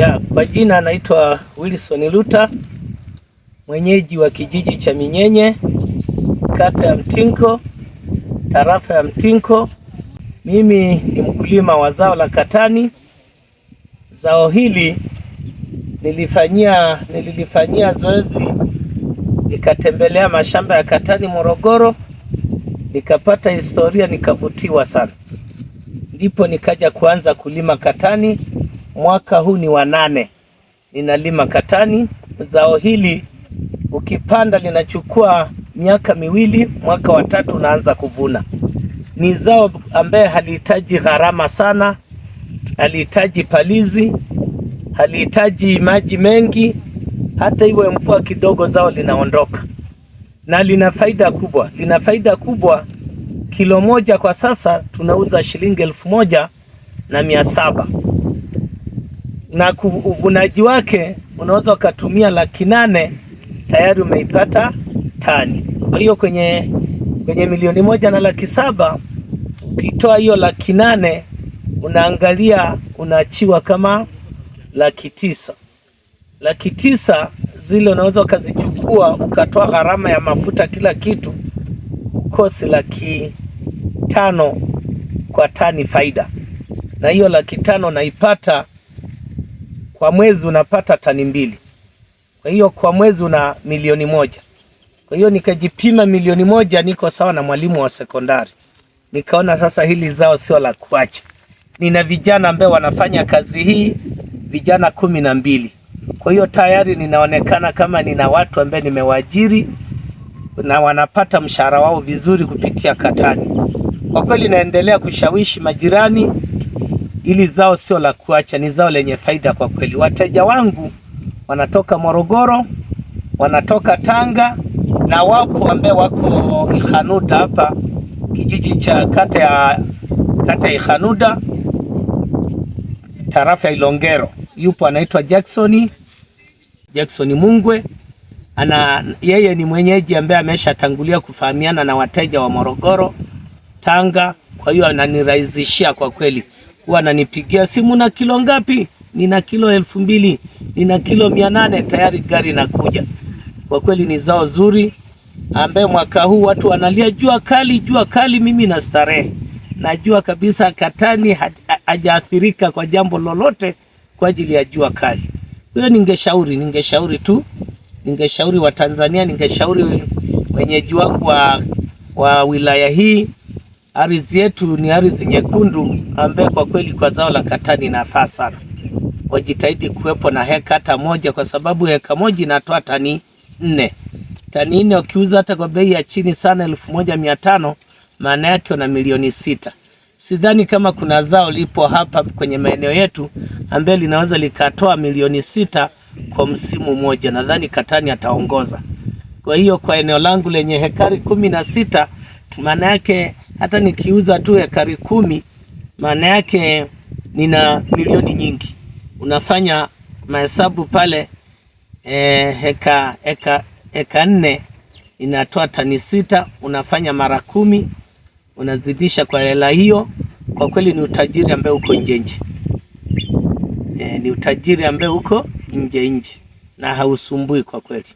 Ya, kwa jina anaitwa Wilson Luta, mwenyeji wa kijiji cha Minyenye, kata ya Mtinko, tarafa ya Mtinko. Mimi ni mkulima wa zao la katani. Zao hili nilifanyia nililifanyia zoezi, nikatembelea mashamba ya katani Morogoro, nikapata historia, nikavutiwa sana, ndipo nikaja kuanza kulima katani Mwaka huu ni wa nane ninalima katani. Zao hili ukipanda linachukua miaka miwili, mwaka wa tatu unaanza kuvuna. Ni zao ambaye halihitaji gharama sana, halihitaji palizi, halihitaji maji mengi. Hata iwe mvua kidogo, zao linaondoka na lina faida kubwa. Lina faida kubwa. Kilo moja kwa sasa tunauza shilingi elfu moja na mia saba na uvunaji wake unaweza ukatumia laki nane tayari umeipata tani. Kwa hiyo kwenye, kwenye milioni moja na laki saba ukitoa hiyo laki nane unaangalia unaachiwa kama laki tisa. Laki tisa zile unaweza ukazichukua ukatoa gharama ya mafuta kila kitu, ukosi laki tano kwa tani faida, na hiyo laki tano naipata kwa mwezi unapata tani mbili, kwa hiyo kwa mwezi una milioni moja. Kwa hiyo nikajipima milioni moja, niko sawa na mwalimu wa sekondari. Nikaona sasa hili zao sio la kuacha. Nina vijana ambao wanafanya kazi hii, vijana kumi na mbili. Kwa hiyo tayari ninaonekana kama nina watu ambao nimewaajiri na wanapata mshahara wao vizuri kupitia katani. Kwa kweli naendelea kushawishi majirani Hili zao sio la kuacha, ni zao lenye faida kwa kweli. Wateja wangu wanatoka Morogoro, wanatoka Tanga na wapo ambao wako Ikhanuda hapa kijiji cha kata ya kata Ikhanuda tarafa ya Ilongero. Yupo anaitwa Jackson Jackson Mungwe ana yeye ni mwenyeji ambaye ameshatangulia kufahamiana na wateja wa Morogoro, Tanga, kwa hiyo ananirahisishia kwa kweli wananipigia simu, na kilo ngapi? Nina kilo elfu mbili, nina kilo mia nane tayari gari nakuja. Kwa kweli ni zao zuri ambaye mwaka huu watu wanalia jua kali, jua kali. Mimi na starehe, najua kabisa Katani hajaathirika kwa jambo lolote kwa ajili ya jua kali. Hiyo ningeshauri, ningeshauri tu, ningeshauri Watanzania, ningeshauri wenyeji wangu wa, wa wilaya hii ardhi yetu ni ardhi nyekundu ambayo kwa kweli kwa zao la katani nafaa sana. Wajitahidi kuwepo na heka hata moja, kwa sababu heka moja inatoa tani nne. Tani nne ukiuza hata kwa bei ya chini sana elfu moja mia tano maana yake una milioni sita. Sidhani kama kuna zao lipo hapa kwenye maeneo yetu ambayo linaweza likatoa milioni sita kwa msimu mmoja. Nadhani katani ataongoza. Kwa hiyo kwa eneo langu lenye hekari kumi na sita maana yake hata nikiuza tu ekari kumi, maana yake nina milioni nyingi. Unafanya mahesabu pale e, eh, heka, heka, heka nne inatoa tani sita, unafanya mara kumi, unazidisha kwa hela hiyo. Kwa kweli ni utajiri ambao uko nje nje e, ni utajiri ambao uko nje nje na hausumbui kwa kweli.